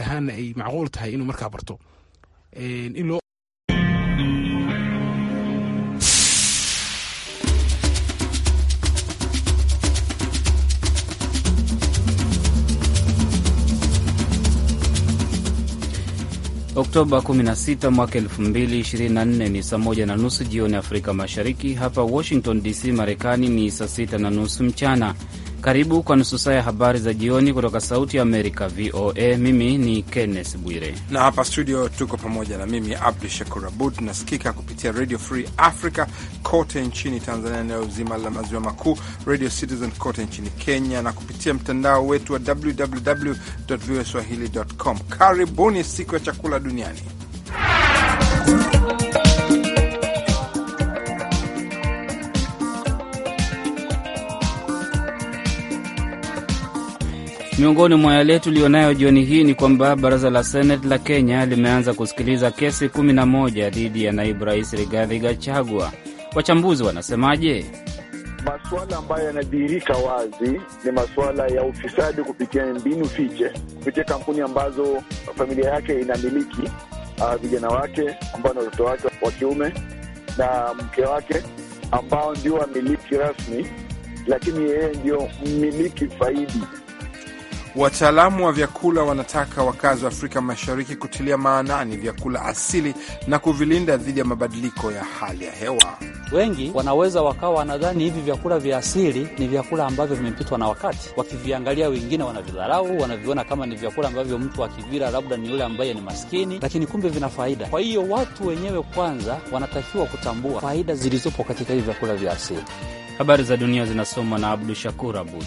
ahaana ay macquul tahay inuu markaa barto Oktoba 16 mwaka 2024 ni saa moja na nusu jioni Afrika Mashariki. Hapa Washington DC, Marekani ni saa sita na nusu mchana. Karibu kwa nusu saa ya habari za jioni kutoka Sauti ya Amerika, VOA. Mimi ni Kenneth Bwire na hapa studio tuko pamoja na mimi Abdu Shakur Abud. Tunasikika kupitia Radio Free Africa kote nchini Tanzania, eneo zima la maziwa makuu, Radio Citizen kote nchini Kenya, na kupitia mtandao wetu wa www voaswahili.com. Karibuni siku ya chakula duniani. Miongoni mwa yale tuliyonayo jioni hii ni kwamba baraza la seneti la Kenya limeanza kusikiliza kesi 11 dhidi ya naibu rais Rigathi Gachagua. Wachambuzi wanasemaje? Masuala ambayo yanadhihirika wazi ni masuala ya ufisadi kupitia mbinu fiche, kupitia kampuni ambazo familia yake inamiliki, ah, vijana wake ambao ni watoto wake wa kiume na mke wake ambao ndio wamiliki rasmi, lakini yeye ndio mmiliki faidi Wataalamu wa vyakula wanataka wakazi wa Afrika Mashariki kutilia maanani vyakula asili na kuvilinda dhidi ya mabadiliko ya hali ya hewa. Wengi wanaweza wakawa wanadhani hivi vyakula vya asili ni vyakula ambavyo vimepitwa na wakati. Wakiviangalia, wengine wanavidharau, wanaviona kama ni vyakula ambavyo mtu akivila labda ni yule ambaye ni maskini, lakini kumbe vina faida. Kwa hiyo watu wenyewe kwanza wanatakiwa kutambua faida zilizopo katika hivi vyakula vya asili. Habari za dunia zinasomwa na Abdu Shakur Abud.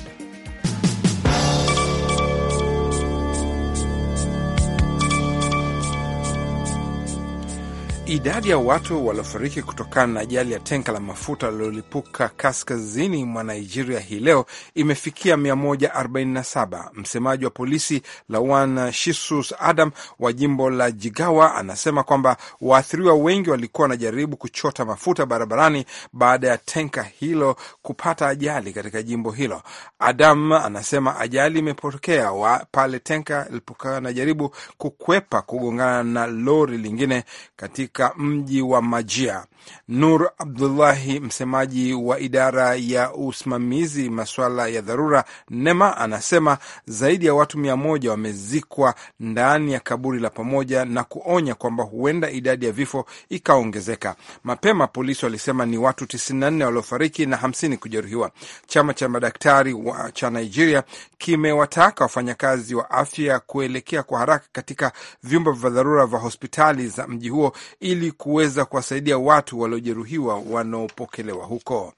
Idadi ya watu waliofariki kutokana na ajali ya tenka la mafuta lilolipuka kaskazini mwa Nigeria hii leo imefikia 147. Msemaji wa polisi Lawan Shisus Adam wa jimbo la Jigawa anasema kwamba waathiriwa wengi walikuwa wanajaribu kuchota mafuta barabarani baada ya tenka hilo kupata ajali katika jimbo hilo. Adam anasema ajali imepotokea pale tenka lilipokuwa najaribu kukwepa kugongana na lori lingine katika katika mji wa Majia. Nur Abdullahi, msemaji wa idara ya usimamizi masuala ya dharura NEMA, anasema zaidi ya watu mia moja wamezikwa ndani ya kaburi la pamoja na kuonya kwamba huenda idadi ya vifo ikaongezeka. Mapema polisi walisema ni watu 94 waliofariki na 50 kujeruhiwa. Chama cha madaktari wa cha Nigeria kimewataka wafanyakazi wa afya kuelekea kwa haraka katika vyumba vya dharura vya hospitali za mji huo ili kuweza kuwasaidia watu waliojeruhiwa wanaopokelewa huko.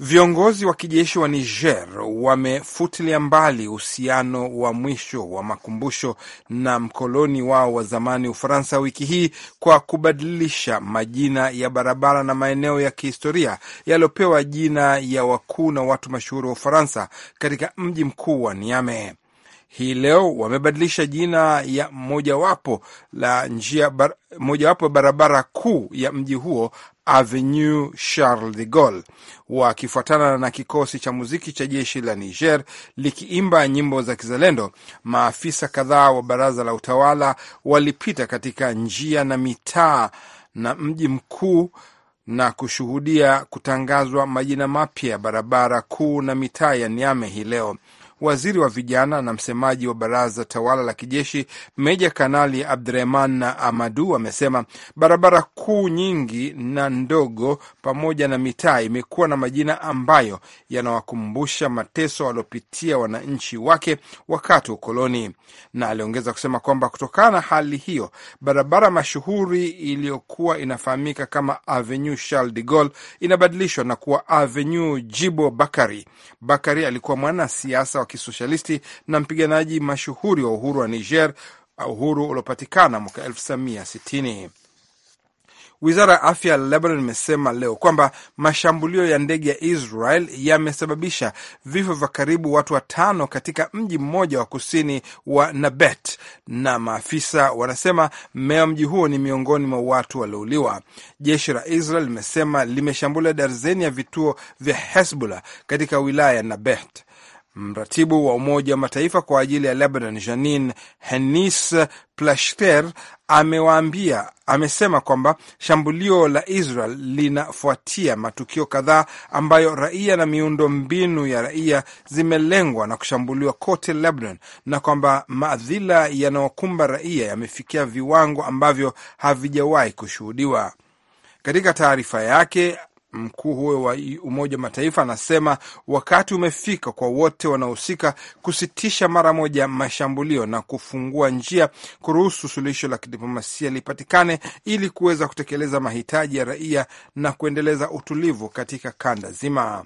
Viongozi wa kijeshi wa Niger wamefutilia mbali uhusiano wa mwisho wa makumbusho na mkoloni wao wa zamani Ufaransa wiki hii kwa kubadilisha majina ya barabara na maeneo ya kihistoria yaliyopewa jina ya wakuu na watu mashuhuri wa Ufaransa katika mji mkuu wa Niamey hii leo wamebadilisha jina ya mojawapo la njia bar, mojawapo barabara kuu ya mji huo Avenue Charles de Gaulle, wakifuatana na kikosi cha muziki cha jeshi la Niger likiimba nyimbo za kizalendo. Maafisa kadhaa wa baraza la utawala walipita katika njia na mitaa na mji mkuu na kushuhudia kutangazwa majina mapya ya barabara kuu na mitaa ya Niame hii leo waziri wa vijana na msemaji wa baraza tawala la kijeshi meja kanali Abdurahman Amadu amesema barabara kuu nyingi na ndogo pamoja na mitaa imekuwa na majina ambayo yanawakumbusha mateso waliopitia wananchi wake wakati wa ukoloni, na aliongeza kusema kwamba kutokana na hali hiyo barabara mashuhuri iliyokuwa inafahamika kama Avenue Charles de Gaulle inabadilishwa na kuwa Avenue Jibo Bakari. Bakari alikuwa mwanasiasa wa kisosialisti na mpiganaji mashuhuri wa uhuru wa Niger, uhuru uliopatikana mwaka 1960. Wizara ya afya ya Lebanon imesema leo kwamba mashambulio ya ndege ya Israel yamesababisha vifo vya karibu watu watano katika mji mmoja wa kusini wa Nabet, na maafisa wanasema meya mji huo ni miongoni mwa watu waliouliwa. Jeshi la Israel limesema limeshambulia darzeni ya vituo vya Hezbollah katika wilaya ya Nabet. Mratibu wa Umoja wa Mataifa kwa ajili ya Lebanon, Janin Henis Plashter, amewaambia amesema kwamba shambulio la Israel linafuatia matukio kadhaa ambayo raia na miundo mbinu ya raia zimelengwa na kushambuliwa kote Lebanon, na kwamba maadhila yanayokumba raia yamefikia viwango ambavyo havijawahi kushuhudiwa. Katika taarifa yake Mkuu huyo wa Umoja wa Mataifa anasema wakati umefika kwa wote wanaohusika kusitisha mara moja mashambulio na kufungua njia kuruhusu suluhisho la kidiplomasia lipatikane ili kuweza kutekeleza mahitaji ya raia na kuendeleza utulivu katika kanda zima.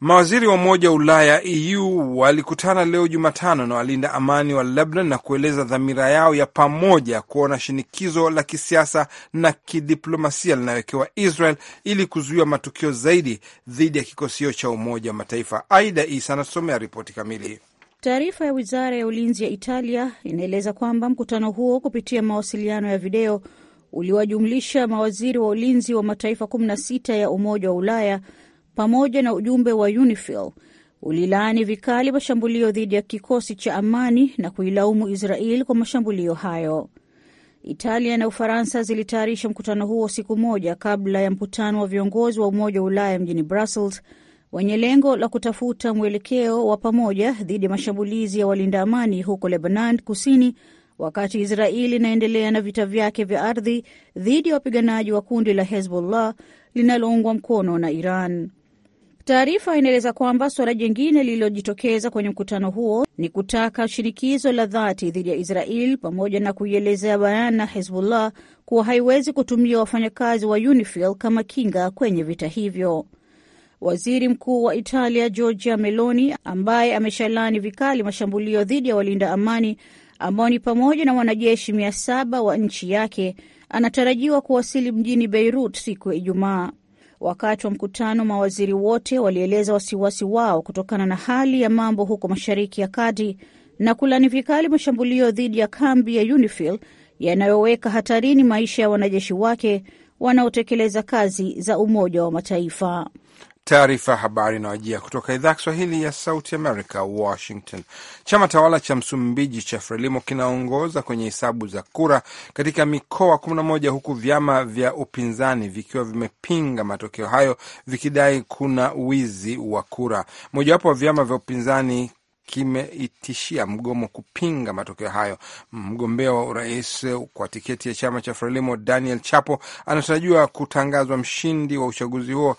Mawaziri wa Umoja wa Ulaya EU walikutana leo Jumatano na walinda amani wa Lebanon na kueleza dhamira yao ya pamoja kuona shinikizo la kisiasa na kidiplomasia linawekewa Israel ili kuzuia matukio zaidi dhidi ya kikosi hiyo cha Umoja wa Mataifa. Aida Isa anasomea ripoti kamili. Taarifa ya wizara ya ulinzi ya Italia inaeleza kwamba mkutano huo kupitia mawasiliano ya video uliwajumlisha mawaziri wa ulinzi wa mataifa 16 ya Umoja wa Ulaya pamoja na ujumbe wa UNIFIL ulilaani vikali mashambulio dhidi ya kikosi cha amani na kuilaumu Israel kwa mashambulio hayo. Italia na Ufaransa zilitayarisha mkutano huo siku moja kabla ya mkutano wa viongozi wa Umoja wa Ulaya mjini Brussels wenye lengo la kutafuta mwelekeo wa pamoja dhidi ya mashambulizi ya walinda amani huko Lebanon kusini wakati Israeli inaendelea na vita vyake vya ardhi dhidi ya wapiganaji wa kundi la Hezbollah linaloungwa mkono na Iran. Taarifa inaeleza kwamba suala jingine lililojitokeza kwenye mkutano huo ni kutaka shinikizo la dhati dhidi ya Israel pamoja na kuielezea bayana Hezbollah kuwa haiwezi kutumia wafanyakazi wa UNIFIL kama kinga kwenye vita hivyo. Waziri Mkuu wa Italia Giorgia Meloni, ambaye ameshalani vikali mashambulio dhidi ya walinda amani ambao ni pamoja na wanajeshi mia saba wa nchi yake, anatarajiwa kuwasili mjini Beirut siku ya Ijumaa. Wakati wa mkutano, mawaziri wote walieleza wasiwasi wao kutokana na hali ya mambo huko Mashariki ya Kati na kulani vikali mashambulio dhidi ya kambi ya UNIFIL yanayoweka hatarini maisha ya wanajeshi wake wanaotekeleza kazi za Umoja wa Mataifa. Taarifa ya habari inawajia kutoka idhaa ya Kiswahili ya Sauti Amerika, Washington. Chama tawala cha Msumbiji cha Frelimo kinaongoza kwenye hesabu za kura katika mikoa 11 huku vyama vya upinzani vikiwa vimepinga matokeo hayo vikidai kuna wizi wa kura. Mojawapo wa vyama vya upinzani kimeitishia mgomo kupinga matokeo hayo. Mgombea wa urais kwa tiketi ya chama cha Frelimo Daniel Chapo anatarajiwa kutangazwa mshindi wa uchaguzi huo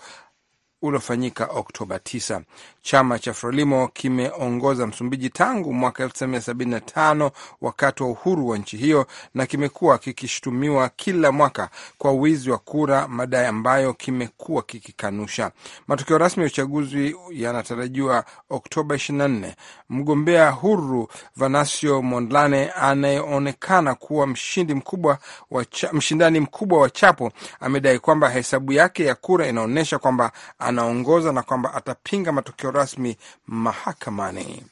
uliofanyika Oktoba 9. Chama cha Frelimo kimeongoza Msumbiji tangu mwaka 1975 wakati wa uhuru wa nchi hiyo, na kimekuwa kikishutumiwa kila mwaka kwa wizi wa kura, madai ambayo kimekuwa kikikanusha. Matokeo rasmi ya uchaguzi yanatarajiwa Oktoba 24. Mgombea huru Vanasio Mondlane anayeonekana kuwa mshindi mkubwa wa cha, mshindani mkubwa wa Chapo amedai kwamba hesabu yake ya kura inaonyesha kwamba anaongoza na kwamba atapinga matokeo rasmi mahakamani.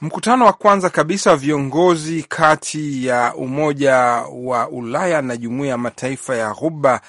Mkutano wa kwanza kabisa wa viongozi kati ya Umoja wa Ulaya na Jumuiya ya Mataifa ya Ghuba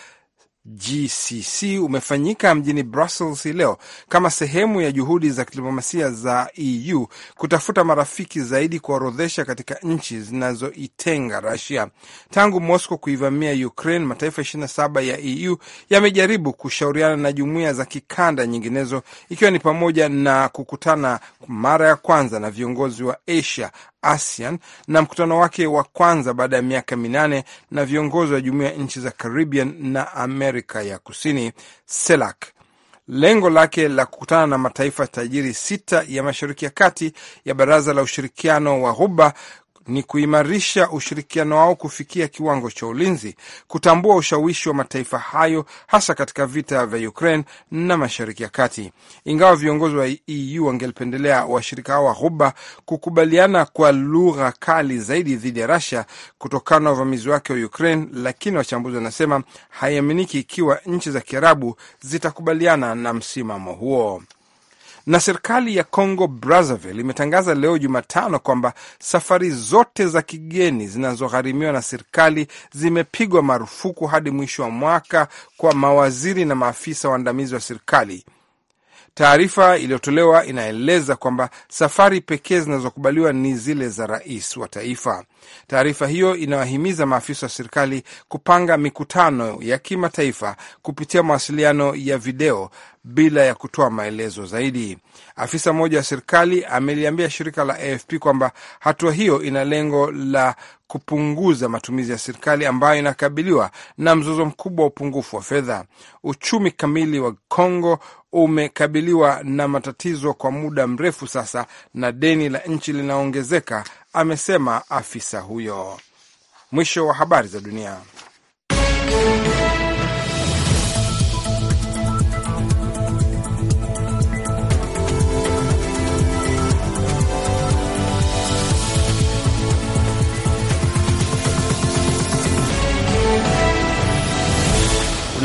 GCC umefanyika mjini Brussels hii leo kama sehemu ya juhudi za kidiplomasia za EU kutafuta marafiki zaidi kuwaorodhesha katika nchi zinazoitenga Russia. Tangu Moscow kuivamia Ukraine, mataifa 27 ya EU yamejaribu kushauriana na jumuiya za kikanda nyinginezo, ikiwa ni pamoja na kukutana mara ya kwanza na viongozi wa Asia ASEAN na mkutano wake wa kwanza baada ya miaka minane na viongozi wa jumuiya ya nchi za Caribbean na Amerika ya Kusini, CELAC. Lengo lake la kukutana na mataifa tajiri sita ya Mashariki ya Kati ya Baraza la Ushirikiano wa Ghuba ni kuimarisha ushirikiano wao kufikia kiwango cha ulinzi, kutambua ushawishi wa mataifa hayo hasa katika vita vya Ukraine na Mashariki ya Kati. Ingawa viongozi wa EU wangelipendelea washirika hao wa Ghuba kukubaliana kwa lugha kali zaidi dhidi ya Russia kutokana na uvamizi wake wa Ukraine, lakini wachambuzi wanasema haiaminiki ikiwa nchi za Kiarabu zitakubaliana na msimamo huo. Na serikali ya Congo Brazzaville imetangaza leo Jumatano kwamba safari zote za kigeni zinazogharimiwa na serikali zimepigwa marufuku hadi mwisho wa mwaka kwa mawaziri na maafisa waandamizi wa serikali. Taarifa iliyotolewa inaeleza kwamba safari pekee zinazokubaliwa ni zile za rais wa taifa. Taarifa hiyo inawahimiza maafisa wa serikali kupanga mikutano ya kimataifa kupitia mawasiliano ya video bila ya kutoa maelezo zaidi. Afisa mmoja wa serikali ameliambia shirika la AFP kwamba hatua hiyo ina lengo la kupunguza matumizi ya serikali ambayo inakabiliwa na mzozo mkubwa wa upungufu wa fedha. Uchumi kamili wa Kongo umekabiliwa na matatizo kwa muda mrefu sasa na deni la nchi linaongezeka, amesema afisa huyo. Mwisho wa habari za dunia.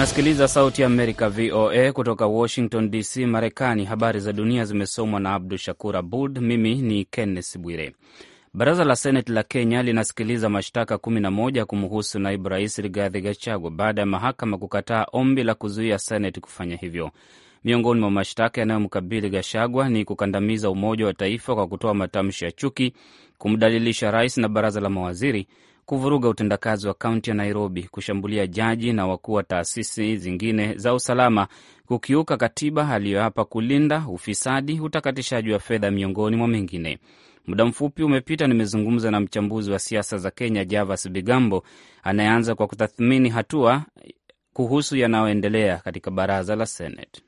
Unasikiliza Sauti ya Amerika, VOA, kutoka Washington DC, Marekani. Habari za dunia zimesomwa na Abdu Shakur Abud. Mimi ni Kenneth Bwire. Baraza la Seneti la Kenya linasikiliza mashtaka 11 kumhusu naibu rais Rigathi Gachagua baada ya mahakama kukataa ombi la kuzuia Seneti kufanya hivyo. Miongoni mwa mashtaka yanayomkabili Gashagwa ni kukandamiza umoja wa taifa kwa kutoa matamshi ya chuki, kumdalilisha rais na baraza la mawaziri, kuvuruga utendakazi wa kaunti ya Nairobi, kushambulia jaji na wakuu wa taasisi zingine za usalama, kukiuka katiba aliyoapa kulinda, ufisadi, utakatishaji wa fedha, miongoni mwa mengine. Muda mfupi umepita, nimezungumza na mchambuzi wa siasa za Kenya Javas Bigambo anayeanza kwa kutathmini hatua kuhusu yanayoendelea katika baraza la Senate.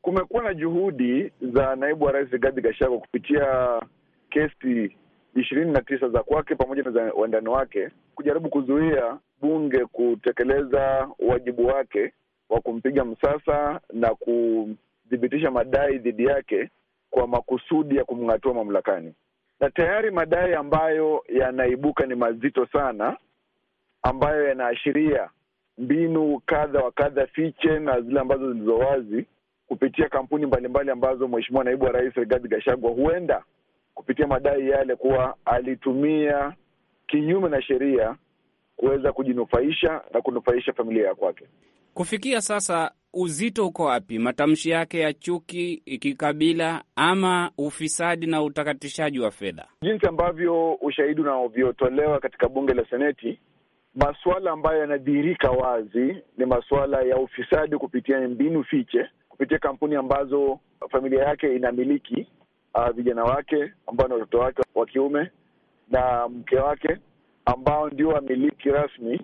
Kumekuwa na juhudi za naibu wa rais Rigathi Gachagua kupitia kesi ishirini na tisa za kwake pamoja na za wandani wake kujaribu kuzuia bunge kutekeleza wajibu wake wa kumpiga msasa na kuthibitisha madai dhidi yake kwa makusudi ya kumng'atua mamlakani. Na tayari madai ambayo yanaibuka ni mazito sana, ambayo yanaashiria mbinu kadha wa kadha fiche na zile ambazo zilizowazi kupitia kampuni mbalimbali mbali ambazo Mheshimiwa Naibu wa Rais Rigathi Gachagua huenda kupitia madai yale kuwa alitumia kinyume na sheria kuweza kujinufaisha na kunufaisha familia ya kwake. Kufikia sasa, uzito uko wapi? Matamshi yake ya chuki kikabila, ama ufisadi na utakatishaji wa fedha? Jinsi ambavyo ushahidi unaovyotolewa katika bunge la Seneti, masuala ambayo yanadhihirika wazi ni masuala ya ufisadi kupitia mbinu fiche, kupitia kampuni ambazo familia yake inamiliki, uh, vijana wake ambao ni watoto wake wa kiume na mke wake ambao ndio wamiliki rasmi,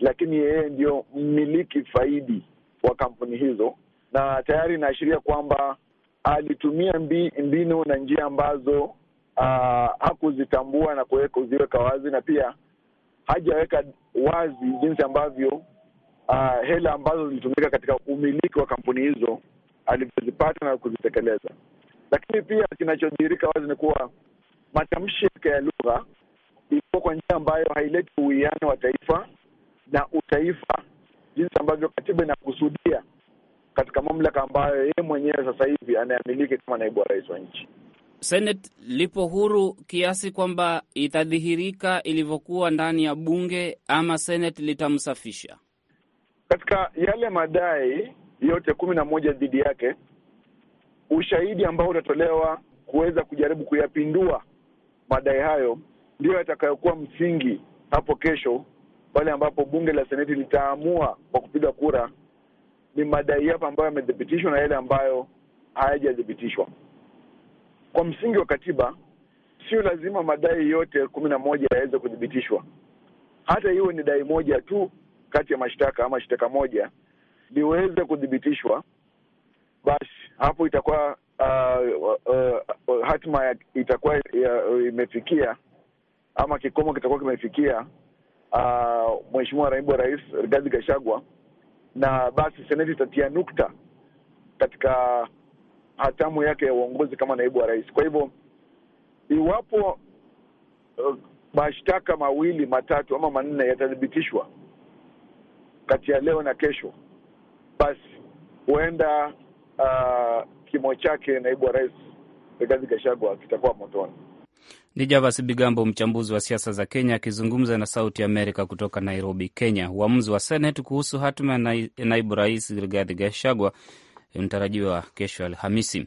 lakini yeye ndio mmiliki faidi wa kampuni hizo, na tayari inaashiria kwamba alitumia mbi, mbinu na njia ambazo uh, hakuzitambua na kuweka kuziweka wazi, na pia hajaweka wazi jinsi ambavyo uh, hela ambazo zilitumika katika umiliki wa kampuni hizo alivyozipata na kuzitekeleza. Lakini pia kinachodirika wazi ni kuwa matamshi yake ya lugha ilikuwa kwa njia ambayo haileti uwiano wa taifa na utaifa, jinsi ambavyo katiba inakusudia katika mamlaka ambayo yeye mwenyewe sasa hivi anayamiliki kama naibu wa rais wa nchi. Senate lipo huru kiasi kwamba itadhihirika ilivyokuwa ndani ya bunge ama Senate litamsafisha. Katika yale madai yote kumi na moja dhidi yake ushahidi ambao utatolewa kuweza kujaribu kuyapindua madai hayo ndiyo yatakayokuwa msingi hapo kesho, pale ambapo bunge la seneti litaamua kwa kupiga kura ni madai yapo ambayo yamethibitishwa na yale ambayo hayajathibitishwa. Kwa msingi wa katiba, sio lazima madai yote kumi na moja yaweze kuthibitishwa. Hata hiwe ni dai moja tu kati ya mashtaka ama shtaka moja liweze kuthibitishwa, basi hapo itakuwa uh, uh, uh, hatima itakuwa uh, imefikia ama kikomo kitakuwa kimefikia uh, Mheshimiwa naibu wa rais Rigathi Gachagua, na basi seneti itatia nukta katika hatamu yake ya uongozi kama naibu wa rais. Kwa hivyo iwapo uh, mashtaka mawili matatu ama manne yatathibitishwa kati ya leo na kesho, basi huenda Ah, kimo chake naibu wa rais Rigathi Gachagua kitakuwa motoni. Ni Javas Bigambo, mchambuzi wa siasa za Kenya, akizungumza na Sauti ya Amerika kutoka Nairobi, Kenya. Uamuzi wa Senate kuhusu hatima ya naibu rais Rigathi Gachagua unatarajiwa kesho Alhamisi.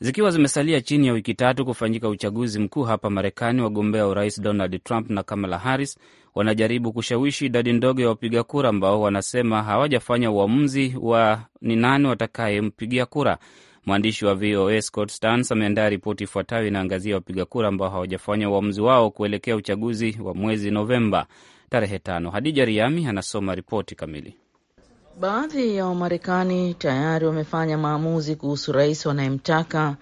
Zikiwa zimesalia chini ya wiki tatu kufanyika uchaguzi mkuu hapa Marekani, wagombea wa urais Donald Trump na Kamala Harris wanajaribu kushawishi idadi ndogo ya wapiga kura ambao wanasema hawajafanya uamuzi wa ni nani watakayempigia kura. Mwandishi wa VOA Scott Stans ameandaa ripoti ifuatayo, inaangazia wapiga kura ambao hawajafanya uamuzi wao kuelekea uchaguzi wa mwezi Novemba tarehe tano. Hadija Riami anasoma ripoti kamili. Baadhi ya Wamarekani tayari wamefanya maamuzi kuhusu rais wanayemtaka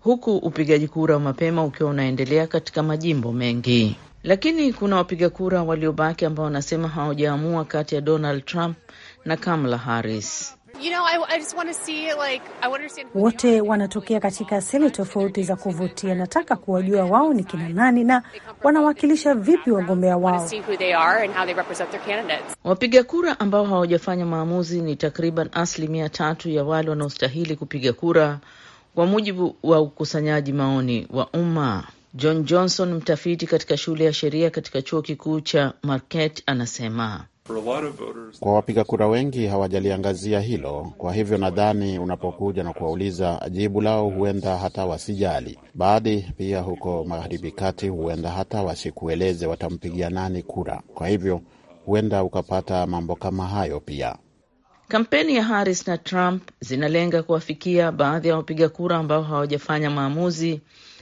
huku upigaji kura wa mapema ukiwa unaendelea katika majimbo mengi, lakini kuna wapiga kura waliobaki ambao wanasema hawajaamua kati ya Donald Trump na Kamala Harris. You know, I, I just want to see, like, I understand wote wanatokea katika asili tofauti za kuvutia. Nataka kuwajua wao ni kina nani na wanawakilisha vipi wagombea wao. Wapiga kura ambao hawajafanya maamuzi ni takriban asilimia tatu ya wale wanaostahili kupiga kura kwa mujibu wa ukusanyaji maoni wa umma. John Johnson, mtafiti katika shule ya sheria katika chuo kikuu cha Marquette, anasema kwa wapiga kura wengi hawajaliangazia hilo. Kwa hivyo nadhani unapokuja na kuwauliza, jibu lao huenda hata wasijali. Baadhi pia huko magharibi kati, huenda hata wasikueleze watampigia nani kura. Kwa hivyo huenda ukapata mambo kama hayo pia. Kampeni ya Harris na Trump zinalenga kuwafikia baadhi ya wapiga kura ambao hawajafanya maamuzi,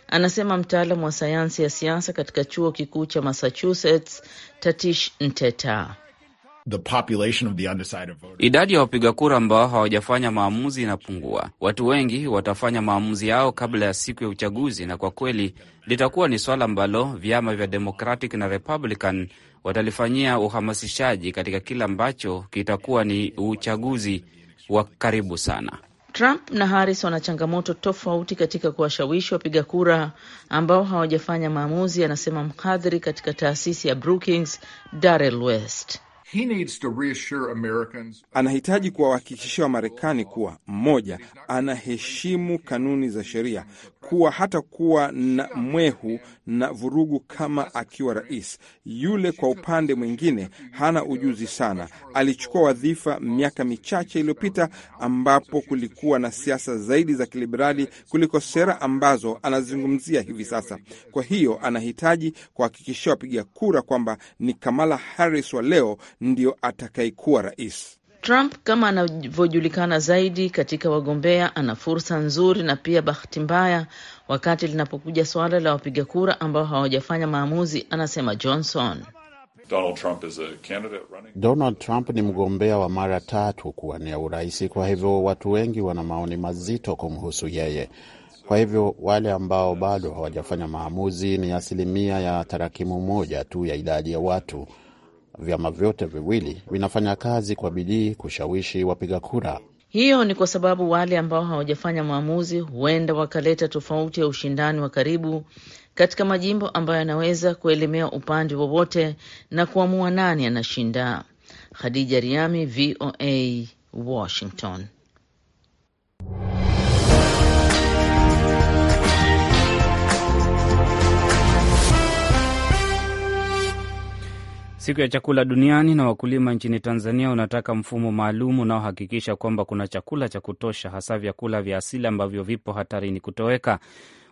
anasema mtaalamu wa sayansi ya siasa katika chuo kikuu cha Massachusetts, Tatish Nteta. The population of the undecided Idadi ya wapiga kura ambao hawajafanya maamuzi inapungua. Watu wengi watafanya maamuzi yao kabla ya siku ya uchaguzi, na kwa kweli litakuwa ni swala ambalo vyama vya Democratic na Republican watalifanyia uhamasishaji katika kile ambacho kitakuwa ni uchaguzi wa karibu sana. Trump na Harris wana changamoto tofauti katika kuwashawishi wapiga kura ambao hawajafanya maamuzi, anasema mhadhiri katika taasisi ya Brookings, Darrell West. Anahitaji kuwahakikishia Wamarekani kuwa mmoja, anaheshimu kanuni za sheria, kuwa hata kuwa na mwehu na vurugu kama akiwa rais. Yule kwa upande mwingine hana ujuzi sana, alichukua wadhifa miaka michache iliyopita, ambapo kulikuwa na siasa zaidi za kiliberali kuliko sera ambazo anazungumzia hivi sasa. Kwa hiyo anahitaji kuwahakikishia wapiga kura kwamba ni Kamala Harris wa leo ndio atakayekuwa rais. Trump kama anavyojulikana zaidi katika wagombea, ana fursa nzuri na pia bahati mbaya wakati linapokuja suala la wapiga kura ambao hawajafanya maamuzi, anasema Johnson. Donald Trump, is a candidate running... Donald Trump ni mgombea wa mara tatu kuwania urais, kwa hivyo watu wengi wana maoni mazito kumhusu yeye. Kwa hivyo wale ambao bado hawajafanya maamuzi ni asilimia ya tarakimu moja tu ya idadi ya watu vyama vyote viwili vinafanya kazi kwa bidii kushawishi wapiga kura. Hiyo ni kwa sababu wale ambao hawajafanya maamuzi huenda wakaleta tofauti ya ushindani wa karibu katika majimbo ambayo yanaweza kuelemea upande wowote na kuamua nani anashinda. Khadija Riami, VOA, Washington. Siku ya chakula duniani na wakulima nchini Tanzania unataka mfumo maalum unaohakikisha kwamba kuna chakula cha kutosha, hasa vyakula vya asili ambavyo vipo hatarini kutoweka.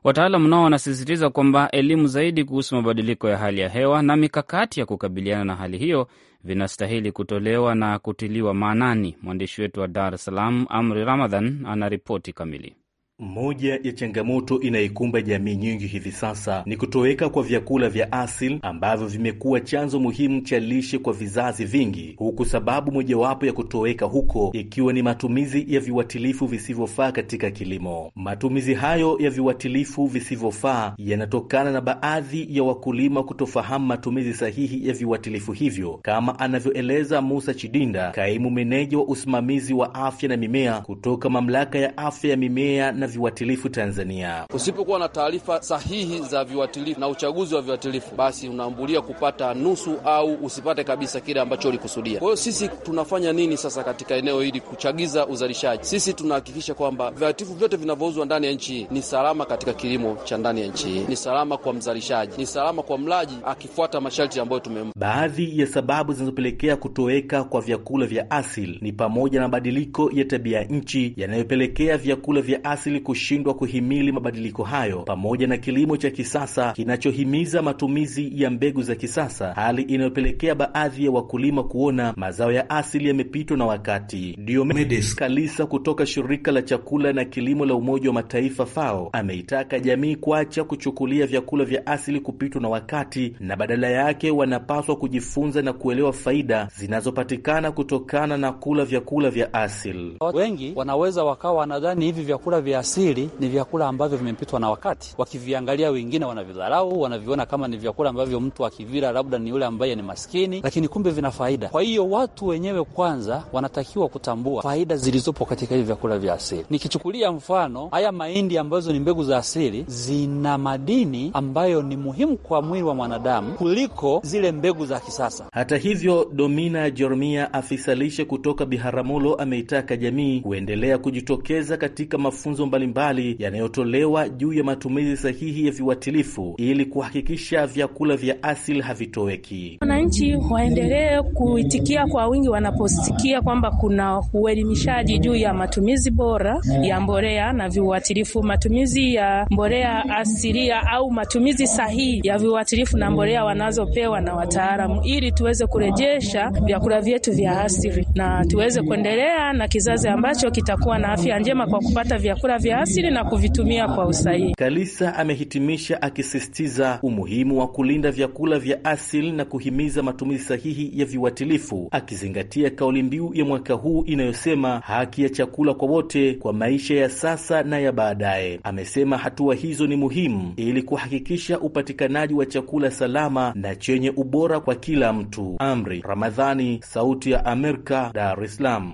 Wataalam nao wanasisitiza kwamba elimu zaidi kuhusu mabadiliko ya hali ya hewa na mikakati ya kukabiliana na hali hiyo vinastahili kutolewa na kutiliwa maanani. Mwandishi wetu wa Dar es Salaam, Amri Ramadhan, ana ripoti kamili. Moja ya changamoto inayoikumba jamii nyingi hivi sasa ni kutoweka kwa vyakula vya asili ambavyo vimekuwa chanzo muhimu cha lishe kwa vizazi vingi, huku sababu mojawapo ya kutoweka huko ikiwa ni matumizi ya viwatilifu visivyofaa katika kilimo. Matumizi hayo ya viwatilifu visivyofaa yanatokana na baadhi ya wakulima kutofahamu matumizi sahihi ya viwatilifu hivyo, kama anavyoeleza Musa Chidinda, kaimu meneja wa usimamizi wa afya na mimea kutoka mamlaka ya afya ya mimea na viuatilifu Tanzania. Usipokuwa na taarifa sahihi za viuatilifu na uchaguzi wa viuatilifu, basi unaambulia kupata nusu au usipate kabisa kile ambacho ulikusudia. Kwa hiyo sisi tunafanya nini sasa katika eneo hili kuchagiza uzalishaji? Sisi tunahakikisha kwamba viuatilifu vyote vinavyouzwa ndani ya nchi hii ni salama katika kilimo cha ndani ya nchi hii, ni salama kwa mzalishaji, ni salama kwa mlaji akifuata masharti ambayo tumempa. Baadhi ya sababu zinazopelekea kutoweka kwa vyakula vya asili ni pamoja na mabadiliko ya tabia nchi yanayopelekea vyakula vya asili asili kushindwa kuhimili mabadiliko hayo, pamoja na kilimo cha kisasa kinachohimiza matumizi ya mbegu za kisasa, hali inayopelekea baadhi ya wakulima kuona mazao ya asili yamepitwa na wakati. Diomedes Kalisa kutoka shirika la chakula na kilimo la Umoja wa Mataifa FAO ameitaka jamii kuacha kuchukulia vyakula vya asili kupitwa na wakati, na badala yake wanapaswa kujifunza na kuelewa faida zinazopatikana kutokana na kula vyakula vya asili. Wengi wanaweza wakawa wanadhani hivi vyakula vya asili ni vyakula ambavyo vimepitwa na wakati. Wakiviangalia wengine wanavidharau, wanaviona kama ni vyakula ambavyo mtu akivila labda ni yule ambaye ni maskini, lakini kumbe vina faida. Kwa hiyo watu wenyewe kwanza wanatakiwa kutambua faida zilizopo katika hivi vyakula vya asili. Nikichukulia mfano, haya mahindi ambazo ni mbegu za asili zina madini ambayo ni muhimu kwa mwili wa mwanadamu kuliko zile mbegu za kisasa. Hata hivyo, Domina Jeremia, afisa lishe kutoka Biharamulo, ameitaka jamii kuendelea kujitokeza katika mafunzo mbalimbali yanayotolewa juu ya matumizi sahihi ya viuatilifu ili kuhakikisha vyakula vya asili havitoweki. Wananchi waendelee kuitikia kwa wingi wanaposikia kwamba kuna uelimishaji juu ya matumizi bora ya mbolea na viuatilifu, matumizi ya mbolea asilia au matumizi sahihi ya viuatilifu na mbolea wanazopewa na wataalamu, ili tuweze kurejesha vyakula vyetu vya asili na tuweze kuendelea na kizazi ambacho kitakuwa na afya njema kwa kupata vyakula vya asili na kuvitumia kwa usahihi. Kalisa amehitimisha akisisitiza umuhimu wa kulinda vyakula vya asili na kuhimiza matumizi sahihi ya viuatilifu, akizingatia kauli mbiu ya mwaka huu inayosema haki ya chakula kwa wote kwa maisha ya sasa na ya baadaye. Amesema hatua hizo ni muhimu ili kuhakikisha upatikanaji wa chakula salama na chenye ubora kwa kila mtu. Amri Ramadhani, Sauti ya Amerika, Dar es Salaam.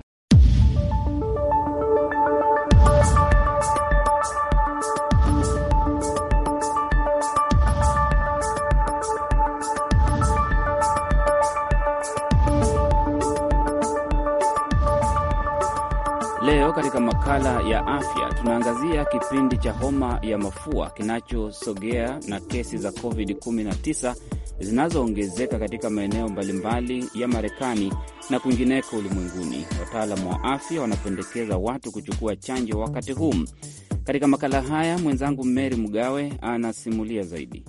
katika makala ya afya tunaangazia kipindi cha homa ya mafua kinachosogea na kesi za COVID-19 zinazoongezeka katika maeneo mbalimbali ya Marekani na kwingineko ulimwenguni. Wataalamu wa afya wanapendekeza watu kuchukua chanjo wakati huu. Katika makala haya mwenzangu mery Mgawe anasimulia zaidi.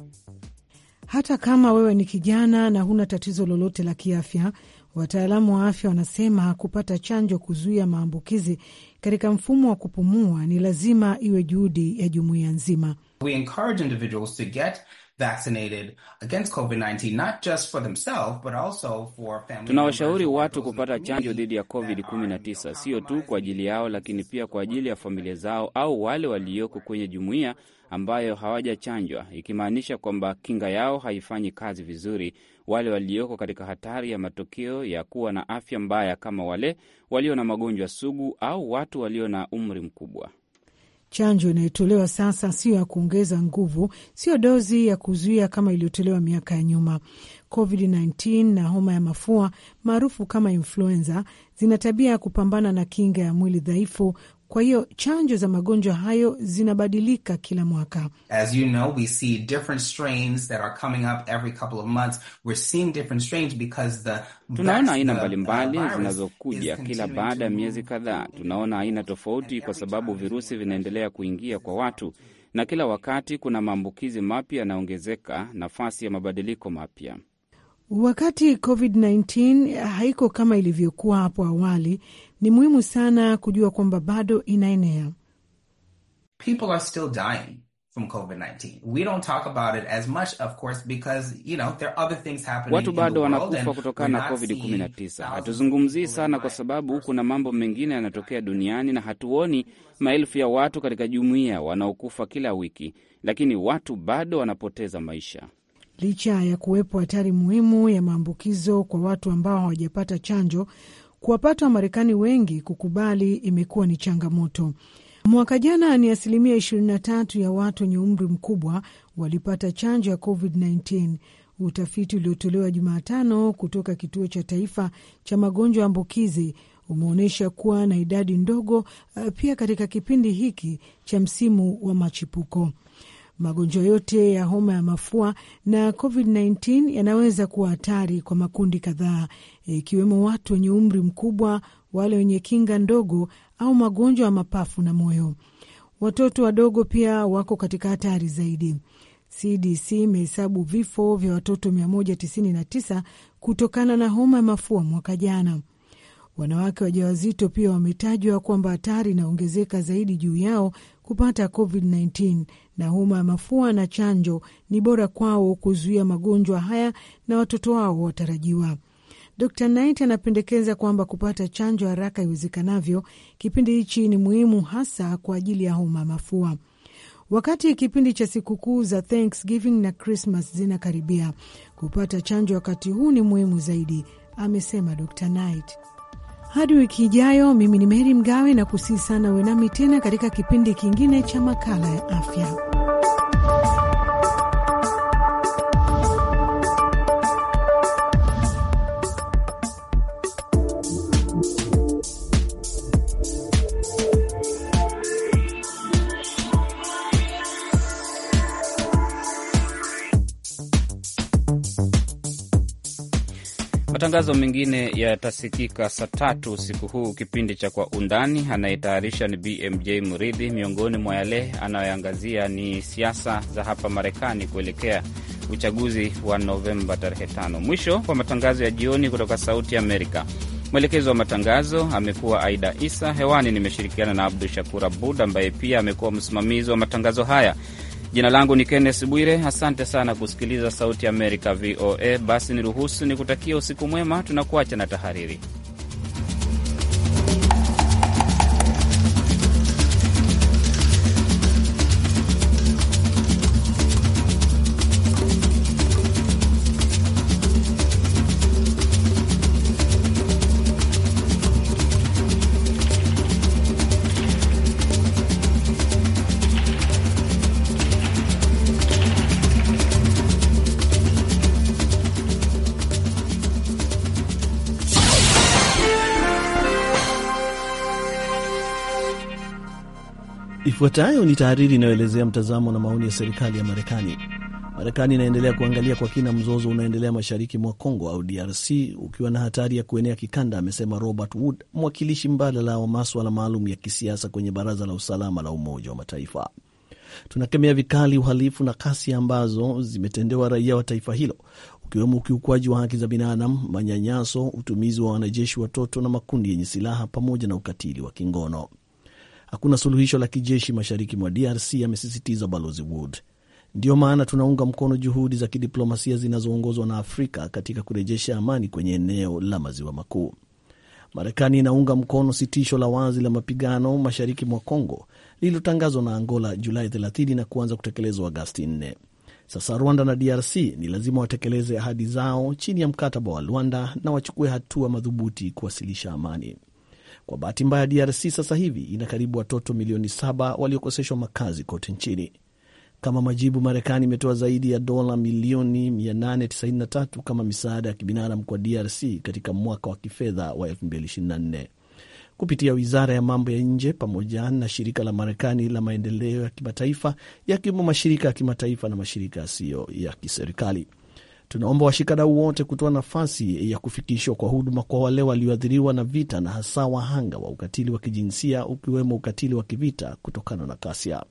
Hata kama wewe ni kijana na huna tatizo lolote la kiafya, wataalamu wa afya wanasema kupata chanjo kuzuia maambukizi katika mfumo wa kupumua ni lazima iwe juhudi ya jumuiya nzima. We encourage individuals to get vaccinated against COVID-19 not just for themselves but also for family. Tunawashauri watu kupata chanjo dhidi ya COVID-19 sio tu kwa ajili yao, lakini pia kwa ajili ya familia zao au wale walioko kwenye jumuiya ambayo hawajachanjwa, ikimaanisha kwamba kinga yao haifanyi kazi vizuri. Wale walioko katika hatari ya matokeo ya kuwa na afya mbaya kama wale walio na magonjwa sugu au watu walio na umri mkubwa. Chanjo inayotolewa sasa siyo ya kuongeza nguvu, siyo dozi ya kuzuia kama iliyotolewa miaka ya nyuma. COVID-19 na homa ya mafua maarufu kama influenza zina tabia ya kupambana na kinga ya mwili dhaifu kwa hiyo chanjo za magonjwa hayo zinabadilika kila mwaka. As you know, we see different strains that are coming up every couple of months. We're seeing different strains because the tunaona aina mbalimbali zinazokuja kila baada ya miezi kadhaa. Tunaona aina tofauti kwa sababu virusi vinaendelea kuingia kwa watu, na kila wakati kuna maambukizi mapya yanaongezeka, nafasi ya mabadiliko mapya. Wakati COVID-19 haiko kama ilivyokuwa hapo awali, ni muhimu sana kujua kwamba bado inaenea. People are still dying from COVID-19. We don't talk about it as much of course because you know there are other things happening. Watu bado wanakufa kutokana na COVID-19. Hatuzungumzii sana kwa sababu kuna mambo mengine yanatokea duniani na hatuoni maelfu ya watu katika jumuiya wanaokufa kila wiki, lakini watu bado wanapoteza maisha. Licha ya kuwepo hatari muhimu ya maambukizo kwa watu ambao hawajapata chanjo, Kuwapata Wamarekani wengi kukubali imekuwa ni changamoto. Mwaka jana ni asilimia 23 ya watu wenye umri mkubwa walipata chanjo ya COVID-19. Utafiti uliotolewa Jumatano kutoka kituo cha taifa cha magonjwa ya ambukizi umeonyesha kuwa na idadi ndogo eh, pia katika kipindi hiki cha msimu wa machipuko. Magonjwa yote ya homa ya mafua na COVID-19 yanaweza kuwa hatari kwa makundi kadhaa, ikiwemo watu wenye umri mkubwa, wale wenye kinga ndogo, au magonjwa ya mapafu na moyo. Watoto wadogo pia wako katika hatari zaidi. CDC imehesabu vifo vya watoto 199 kutokana na homa ya mafua mwaka jana. Wanawake wajawazito pia wametajwa kwamba hatari inaongezeka zaidi juu yao kupata COVID-19 na homa ya mafua, na chanjo ni bora kwao kuzuia magonjwa haya na watoto wao watarajiwa. Dr Knight anapendekeza kwamba kupata chanjo haraka iwezekanavyo kipindi hichi ni muhimu hasa kwa ajili ya homa ya mafua. Wakati kipindi cha sikukuu za Thanksgiving na Christmas zinakaribia, kupata chanjo wakati huu ni muhimu zaidi, amesema Dr Knight. Hadi wiki ijayo, mimi ni Meri Mgawe na kusihi sana uwe nami tena katika kipindi kingine cha makala ya afya. Matangazo mengine yatasikika saa tatu usiku huu, kipindi cha Kwa Undani. Anayetayarisha ni BMJ Muridhi. Miongoni mwa yale anayoangazia ni siasa za hapa Marekani kuelekea uchaguzi wa Novemba tarehe 5. Mwisho wa matangazo ya jioni kutoka Sauti Amerika. Mwelekezi wa matangazo amekuwa Aida Isa. Hewani nimeshirikiana na Abdu Shakur Abud ambaye pia amekuwa msimamizi wa matangazo haya. Jina langu ni Kenneth Bwire. Asante sana kusikiliza Sauti ya Amerika, VOA. Basi niruhusu kutakia usiku mwema. Tunakuacha na tahariri. Ifuatayo ni tahariri inayoelezea mtazamo na maoni ya serikali ya Marekani. Marekani inaendelea kuangalia kwa kina mzozo unaoendelea mashariki mwa Kongo au DRC ukiwa na hatari ya kuenea kikanda, amesema Robert Wood, mwakilishi mbadala wa maswala maalum ya kisiasa kwenye Baraza la Usalama la Umoja wa Mataifa. Tunakemea vikali uhalifu na kasi ambazo zimetendewa raia wa taifa hilo, ukiwemo ukiukwaji wa haki za binadamu, manyanyaso, utumizi wa wanajeshi watoto na makundi yenye silaha, pamoja na ukatili wa kingono hakuna suluhisho la kijeshi mashariki mwa DRC, amesisitiza Balozi Wood. Ndiyo maana tunaunga mkono juhudi za kidiplomasia zinazoongozwa na Afrika katika kurejesha amani kwenye eneo la maziwa makuu. Marekani inaunga mkono sitisho la wazi la mapigano mashariki mwa congo lililotangazwa na Angola Julai 30 na kuanza kutekelezwa Agasti 4. Sasa Rwanda na DRC ni lazima watekeleze ahadi zao chini ya mkataba wa Luanda na wachukue hatua madhubuti kuwasilisha amani. Kwa bahati mbaya, DRC sasa hivi ina karibu watoto milioni saba waliokoseshwa makazi kote nchini. Kama majibu, Marekani imetoa zaidi ya dola milioni 893 kama misaada ya kibinadamu kwa DRC katika mwaka wa kifedha wa 2024 kupitia wizara ya mambo ya nje pamoja na shirika la Marekani la maendeleo ya kimataifa yakiwemo mashirika ya kimataifa na mashirika yasiyo ya kiserikali. Tunaomba washikadau wote kutoa nafasi ya kufikishwa kwa huduma kwa wale walioathiriwa na vita na hasa wahanga wa ukatili wa kijinsia ukiwemo ukatili wa kivita kutokana na ghasia.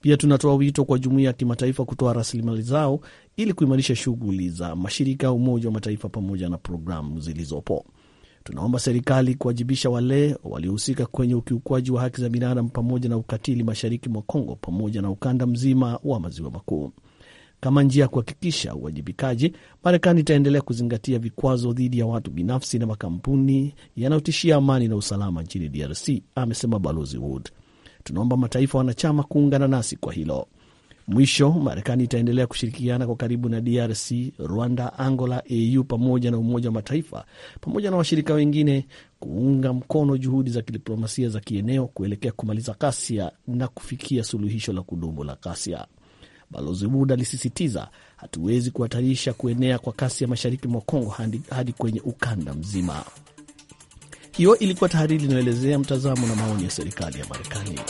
Pia tunatoa wito kwa jumuiya ya kimataifa kutoa rasilimali zao ili kuimarisha shughuli za mashirika ya Umoja wa Mataifa pamoja na programu zilizopo. Tunaomba serikali kuwajibisha wale waliohusika kwenye ukiukwaji wa haki za binadamu pamoja na ukatili mashariki mwa Kongo pamoja na ukanda mzima wa maziwa makuu. Kama njia ya kuhakikisha uwajibikaji, Marekani itaendelea kuzingatia vikwazo dhidi ya watu binafsi na makampuni yanayotishia amani na usalama nchini DRC, amesema Balozi Wood. Tunaomba mataifa wanachama kuungana nasi kwa hilo. Mwisho, Marekani itaendelea kushirikiana kwa karibu na DRC, Rwanda, Angola, AU pamoja na Umoja wa Mataifa pamoja na washirika wengine kuunga mkono juhudi za kidiplomasia za kieneo kuelekea kumaliza ghasia na kufikia suluhisho la kudumu la ghasia. Balozi Wood alisisitiza, hatuwezi kuhatarisha kuenea kwa kasi ya mashariki mwa Kongo hadi, hadi kwenye ukanda mzima. Hiyo ilikuwa tahariri inayoelezea mtazamo na maoni ya serikali ya Marekani.